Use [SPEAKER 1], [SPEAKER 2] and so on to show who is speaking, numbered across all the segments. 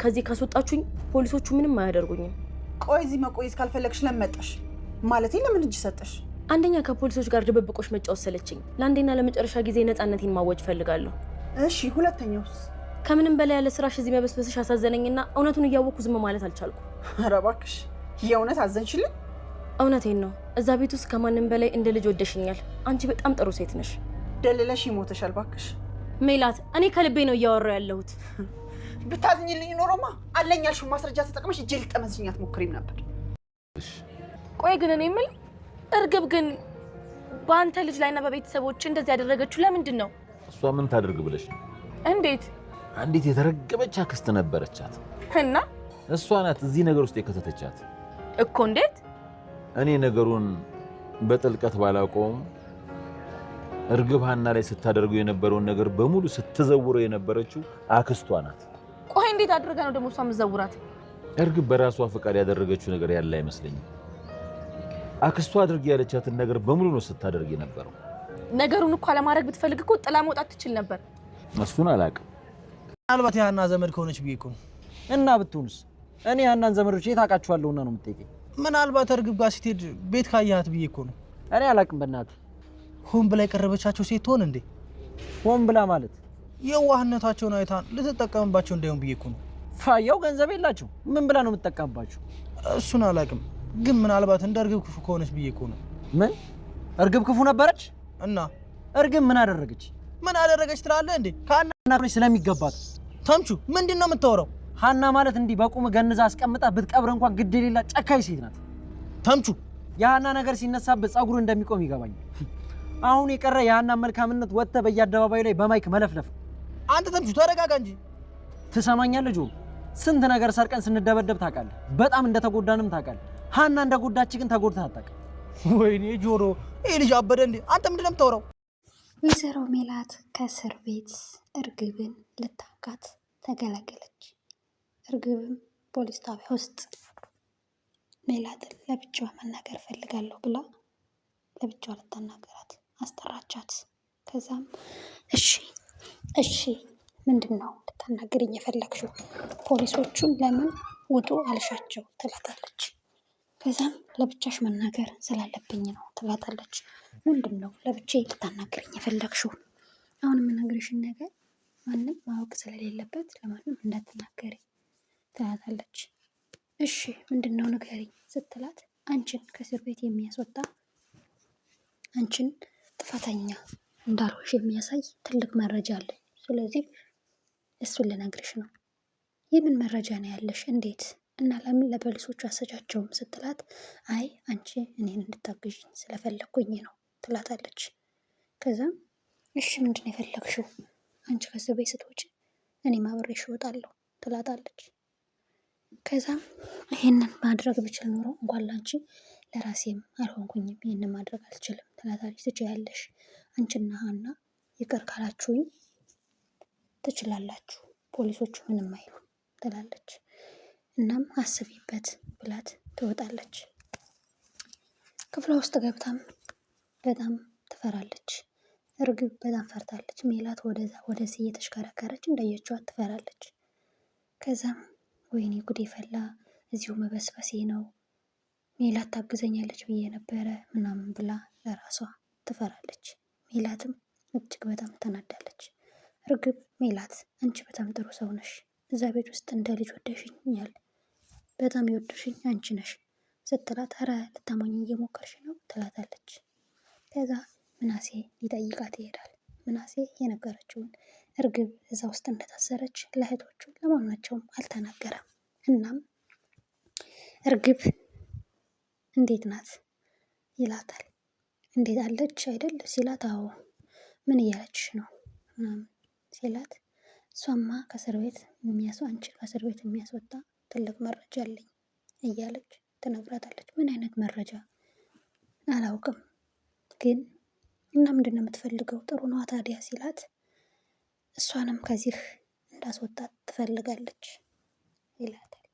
[SPEAKER 1] ከዚህ ካስወጣችሁኝ ፖሊሶቹ ምንም አያደርጉኝም።
[SPEAKER 2] ቆይ እዚህ መቆየት ካልፈለግሽ ለምን መጣሽ? ለምን እጅ ሰጠሽ?
[SPEAKER 1] አንደኛ ከፖሊሶች ጋር ድብብቆች መጫወት ሰለቸኝ። ለአንዴና ለመጨረሻ ጊዜ ነፃነቴን ማወጅ ፈልጋለሁ።
[SPEAKER 2] እሺ፣ ሁለተኛውስ?
[SPEAKER 1] ከምንም በላይ ያለ ስራሽ እዚህ መበስበስሽ አሳዘነኝና እውነቱን እያወቅኩ ዝም ማለት አልቻልኩ።
[SPEAKER 2] ኧረ እባክሽ የእውነት አዘንሽልኝ?
[SPEAKER 1] እውነቴን ነው። እዛ ቤት ውስጥ ከማንም በላይ እንደ ልጅ ወደሽኛል። አንቺ በጣም ጥሩ ሴት ነሽ።
[SPEAKER 2] ደልለሽ ይሞተሻል። እባክሽ
[SPEAKER 1] ሜላት፣ እኔ ከልቤ ነው እያወራሁ ያለሁት።
[SPEAKER 2] ብታዝኝልኝ ኖሮማ አለኝ ያልሽውን ማስረጃ ተጠቅመሽ እጄ ልጠመዝኝ አትሞክሪም ነበር።
[SPEAKER 1] ቆይ ግን እኔ የምልህ እርግብ ግን በአንተ ልጅ ላይና በቤተሰቦች እንደዚህ ያደረገችው ለምንድን ነው?
[SPEAKER 3] እሷ ምን ታደርግ ብለሽ ነው? እንዴት አንዲት የተረገመች አክስት ነበረቻት እና እሷ ናት እዚህ ነገር ውስጥ የከተተቻት እኮ። እንዴት እኔ ነገሩን በጥልቀት ባላውቀውም እርግብ ሀና ላይ ስታደርገው የነበረውን ነገር በሙሉ ስትዘውረው የነበረችው አክስቷ ናት።
[SPEAKER 1] ቆይ እንዴት አድርገ ነው ደግሞ እሷ የምትዘውራት?
[SPEAKER 3] እርግብ በራሷ ፈቃድ ያደረገችው ነገር ያለ አይመስለኝም። አክስቷ አድርግ ያለቻትን ነገር በሙሉ ነው ስታደርግ የነበረው።
[SPEAKER 1] ነገሩን እኮ አለማድረግ ብትፈልግ እኮ ጥላ መውጣት ትችል ነበር።
[SPEAKER 3] እሱን አላውቅም።
[SPEAKER 4] ምናልባት የሀና ዘመድ ከሆነች ብዬ እኮ ነው።
[SPEAKER 5] እና ብትሆንስ? እኔ ሀናን ዘመዶች የት እና ነው የምትጠይቀኝ?
[SPEAKER 4] ምናልባት እርግብ ጋር ስትሄድ ቤት ካየሃት ብዬ እኮ ነው።
[SPEAKER 5] እኔ አላውቅም። በእናትህ
[SPEAKER 4] ሆን ብላ የቀረበቻቸው ሴት ትሆን እንዴ?
[SPEAKER 5] ሆን ብላ ማለት
[SPEAKER 4] የዋህነታቸውን አይታን ልትጠቀምባቸው እንዳይሆን ብዬ እኮ ነው።
[SPEAKER 5] ፋያው ገንዘብ የላቸው ምን ብላ ነው የምትጠቀምባቸው?
[SPEAKER 4] እሱን አላውቅም፣ ግን ምናልባት እንደ እርግብ ክፉ ከሆነች ብዬ እኮ ነው።
[SPEAKER 5] ምን እርግብ ክፉ ነበረች? እና እርግብ ምን አደረገች?
[SPEAKER 4] ምን አደረገች ትላለህ እንዴ? ከአና ስለሚገባት
[SPEAKER 5] ተምቹ፣ ምንድን ነው የምታወራው? ሀና ማለት እንዲህ በቁም ገንዛ አስቀምጣ ብትቀብር እንኳን ግድ የሌላ ጨካኝ ሴት ናት ተምቹ። የሀና ነገር ሲነሳበት ጸጉር እንደሚቆም ይገባኛል። አሁን የቀረ የሀና መልካምነት ወጥተህ በየአደባባዩ ላይ በማይክ መለፍለፍ
[SPEAKER 4] አንተ ተምቹ ተረጋጋ እንጂ።
[SPEAKER 5] ትሰማኛለህ ጆ፣ ስንት ነገር ሰርቀን ስንደበደብ ታውቃለህ። በጣም እንደተጎዳንም ታውቃለህ። ሀና እንደጎዳች ግን ተጎድተህ አታውቅም።
[SPEAKER 4] ወይኔ ጆሮ፣ ይህ ልጅ አበደ እንዴ! አንተ ምንድን ነው የምታወራው?
[SPEAKER 1] ወይዘሮ ሜላት ከእስር ቤት እርግብን ልታንቃት ተገለገለች። እርግብም ፖሊስ ጣቢያ ውስጥ ሜላትን ለብቻዋ መናገር ፈልጋለሁ ብላ ለብቻዋ ልታናገራት አስጠራቻት። ከዛም እሺ እሺ ምንድን ነው ልታናግሪኝ የፈለግሽው? ፖሊሶቹን ለምን ውጡ አልሻቸው ትላታለች። ከዛም ለብቻሽ መናገር ስላለብኝ ነው ትላታለች። ምንድን ነው ለብቻ ልታናግሪኝ የፈለግሽው? አሁን የምነግርሽን ነገር ማንም ማወቅ ስለሌለበት ለማንም እንዳትናገሪ ትላታለች። እሺ ምንድን ነው ንገሪኝ ስትላት አንቺን ከእስር ቤት የሚያስወጣ አንቺን ጥፋተኛ እንዳልሆሽ የሚያሳይ ትልቅ መረጃ አለ ስለዚህ እሱን ልነግርሽ ነው። የምን መረጃ ነው ያለሽ? እንዴት እና ለምን ለፖሊሶቹ አሰጫቸውም ስትላት፣ አይ አንቺ እኔን እንድታግዥኝ ስለፈለግኩኝ ነው ትላታለች። ከዛም እሺ ምንድን ነው የፈለግሽው? አንቺ ከዚህ ቤት ስትወጪ እኔም አብሬሽ እወጣለሁ ትላታለች። ከዛም ይህንን ማድረግ ብችል ኖሮ እንኳን ላንቺ ለራሴም አልሆንኩኝም። ይህንን ማድረግ አልችልም ትላታለች። ትችያለሽ አንቺና ሀና ይቅር ካላችሁኝ ትችላላችሁ፣ ፖሊሶቹ ምንም አይሉ ትላለች። እናም አስቢበት ብላት ትወጣለች። ክፍሏ ውስጥ ገብታም በጣም ትፈራለች። እርግብ በጣም ፈርታለች። ሜላት ወደዛ ወደዚህ እየተሽከረከረች እንዳየችዋት ትፈራለች። ከዛም ወይኔ ጉዴ ፈላ፣ እዚሁ መበስበሴ ነው ሜላት ታግዘኛለች ብዬ ነበረ ምናምን ብላ ለራሷ ትፈራለች። ሜላትም እጅግ በጣም ተናዳለች። እርግብ ሜላት፣ አንቺ በጣም ጥሩ ሰው ነሽ። እዛ ቤት ውስጥ እንደ ልጅ ወደሽኛል። በጣም የወደሽኝ አንቺ ነሽ ስትላት፣ ኧረ ልታሞኝ እየሞከርሽ ነው ትላታለች። ከዛ ምናሴ ሊጠይቃት ይሄዳል። ምናሴ የነገረችውን እርግብ እዛ ውስጥ እንደታሰረች ለእህቶቹ ለማናቸውም አልተናገረም። እናም እርግብ እንዴት ናት ይላታል። እንዴት አለች አይደል ሲላት፣ አዎ ምን እያለችሽ ነው ሲላት፣ እሷማ ከእስር ቤት አንቺ ከእስር ቤት የሚያስወጣ ትልቅ መረጃ አለኝ እያለች ትነግራታለች። ምን አይነት መረጃ አላውቅም ግን እና ምንድን ነው የምትፈልገው? ጥሩ ነዋ ታዲያ ሲላት፣ እሷንም ከዚህ እንዳስወጣት ትፈልጋለች ይላታል።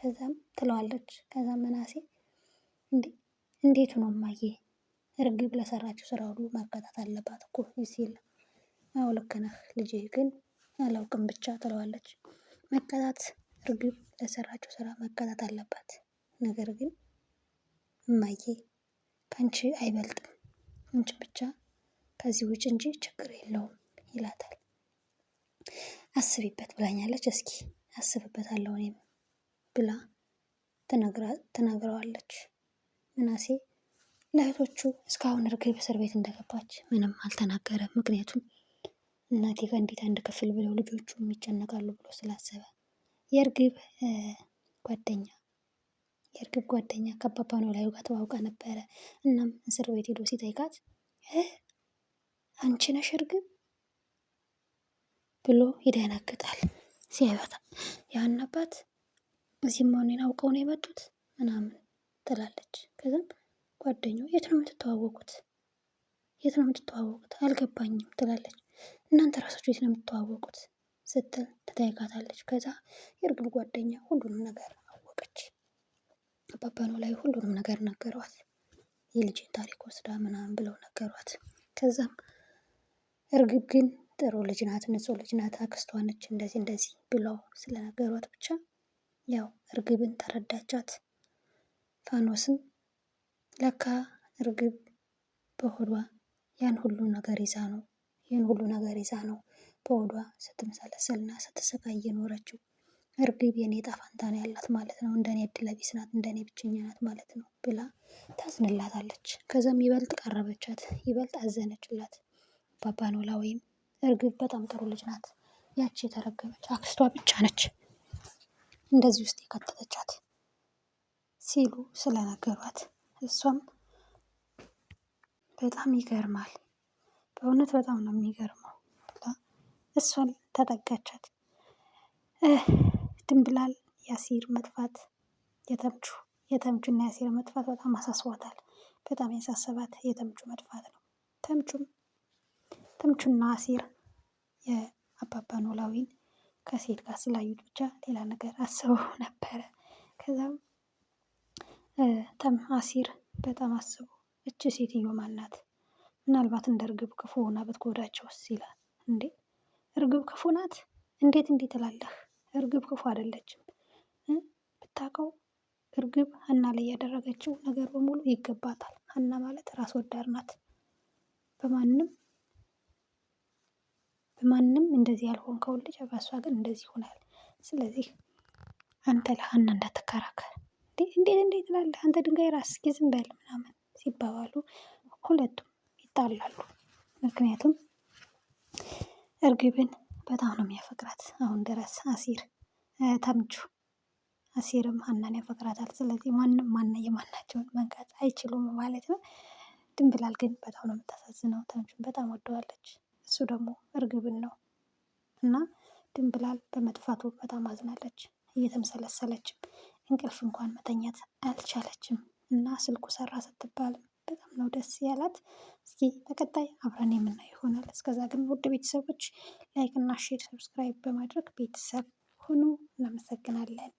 [SPEAKER 1] ከዛም ትለዋለች። ከዛም መናሴ እንዴት ነው ማየ እርግብ ለሰራችው ስራ ሁሉ ማጋጣት አለባት እኮ ሲል፣ አዎ ልክ ነህ ልጄ፣ ግን አላውቅም ብቻ ትለዋለች። መቀጣት እርግብ ለሰራችው ስራ መቀጣት አለባት። ነገር ግን እማዬ ከአንቺ አይበልጥም፣ አንቺ ብቻ ከዚህ ውጭ እንጂ ችግር የለውም ይላታል። አስቢበት ብላኛለች፣ እስኪ አስብበታለሁ እኔም ብላ ትነግረዋለች ምናሴ ለእህቶቹ እስካሁን እርግብ እስር ቤት እንደገባች ምንም አልተናገረም። ምክንያቱም እናቴ ጋር እንዴት አንድ ክፍል ብለው ልጆቹ የሚጨነቃሉ ብሎ ስላሰበ የእርግብ ጓደኛ የእርግብ ጓደኛ ከአባባ ነው ኖላዊ ጋር ተዋውቃ ነበረ። እናም እስር ቤት ሄዶ ሲጠይቃት አንቺ ነሽ እርግብ ብሎ ይደነግጣል። ሲያዩት ያን አባት እዚህ መሆኔን አውቀው ነው የመጡት ምናምን ትላለች። ከዛም ጓደኛው የት ነው የምትተዋወቁት? የት ነው የምትተዋወቁት? አልገባኝም ትላለች። እናንተ ራሳችሁ የት ነው የምትተዋወቁት ስትል ትጠይቃታለች። ከዛ የእርግብ ጓደኛ ሁሉንም ነገር አወቀች። አባባኑ ላይ ሁሉንም ነገር ነገሯት። የልጅን ታሪክ ወስዳ ምናምን ብለው ነገሯት። ከዛም እርግብ ግን ጥሩ ልጅ ናት፣ ንጹሕ ልጅ ናት፣ አክስቷ ነች እንደዚህ እንደዚህ ብለው ስለነገሯት ብቻ ያው እርግብን ተረዳቻት። ፋኖስም ለካ እርግብ በሆዷ ያን ሁሉ ነገር ይዛ ነው ይህን ሁሉ ነገር ይዛ ነው በሆዷ ስትመሰለሰልና ስትሰቃይ የኖረችው። እርግብ የኔ ጣፋንታ ነው ያላት ማለት ነው፣ እንደኔ እድለቢስ ናት፣ እንደኔ ብቸኛ ናት ማለት ነው ብላ ታዝንላታለች። ከዛም ይበልጥ ቀረበቻት፣ ይበልጥ አዘነችላት። ባባ ኖላ ወይም እርግብ በጣም ጥሩ ልጅ ናት። ያቺ የተረገመች አክስቷ ብቻ ነች እንደዚህ ውስጥ የከተተቻት ሲሉ ስለነገሯት እሷም በጣም ይገርማል፣ በእውነት በጣም ነው የሚገርመው ብላ እሷን ተጠጋቻት። ድንብላል የአሲር መጥፋት የተምቹ የተምቹና የአሲር መጥፋት በጣም አሳስቧታል። በጣም ያሳሰባት የተምቹ መጥፋት ነው። ተምቹም ተምቹና አሲር የአባባ ኖላዊን ከሴት ጋር ስላዩት ብቻ ሌላ ነገር አስበው ነበረ። ከዛም ተም አሲር በጣም አስቡ እች ሴትዮ ማናት? ምናልባት እንደ እርግብ ክፉ ሆና ብትጎዳቸውስ ይላል። እንዴ እርግብ ክፉ ናት? እንዴት እንዴ ትላለህ? እርግብ ክፉ አይደለችም። ብታውቀው እርግብ ሀና ላይ ያደረገችው ነገር በሙሉ ይገባታል። ሀና ማለት ራስ ወዳድ ናት። በማንም በማንም እንደዚህ ያልሆንከውን ልጅ በሷ ግን እንደዚህ ሆናል። ስለዚህ አንተ ለሀና እንዳትከራከር። እንዴ እንዴት እንዴት ትላለህ አንተ ድንጋይ ራስ ጊዝም በል ምናምን ሲባባሉ ሁለቱም ይጣላሉ። ምክንያቱም እርግብን በጣም ነው የሚያፈቅራት አሁን ድረስ አሲር ተምቹ አሲርም ሀናን ያፈቅራታል። ስለዚህ ማንም ማና የማናቸውን መንካት አይችሉም ማለት ነው። ድንብላል ግን በጣም ነው የምታሳዝነው። ተምቹን በጣም ወደዋለች፣ እሱ ደግሞ እርግብን ነው እና ድንብላል በመጥፋቱ በጣም አዝናለች፣ እየተመሰለሰለችም እንቅልፍ እንኳን መተኛት አልቻለችም እና ስልኩ ሰራ ስትባልም በጣም ነው ደስ ያላት። እስኪ በቀጣይ አብረን የምናየው ይሆናል። እስከዛ ግን ውድ ቤተሰቦች ላይክ እና ሼር፣ ሰብስክራይብ በማድረግ ቤተሰብ ሁኑ። እናመሰግናለን።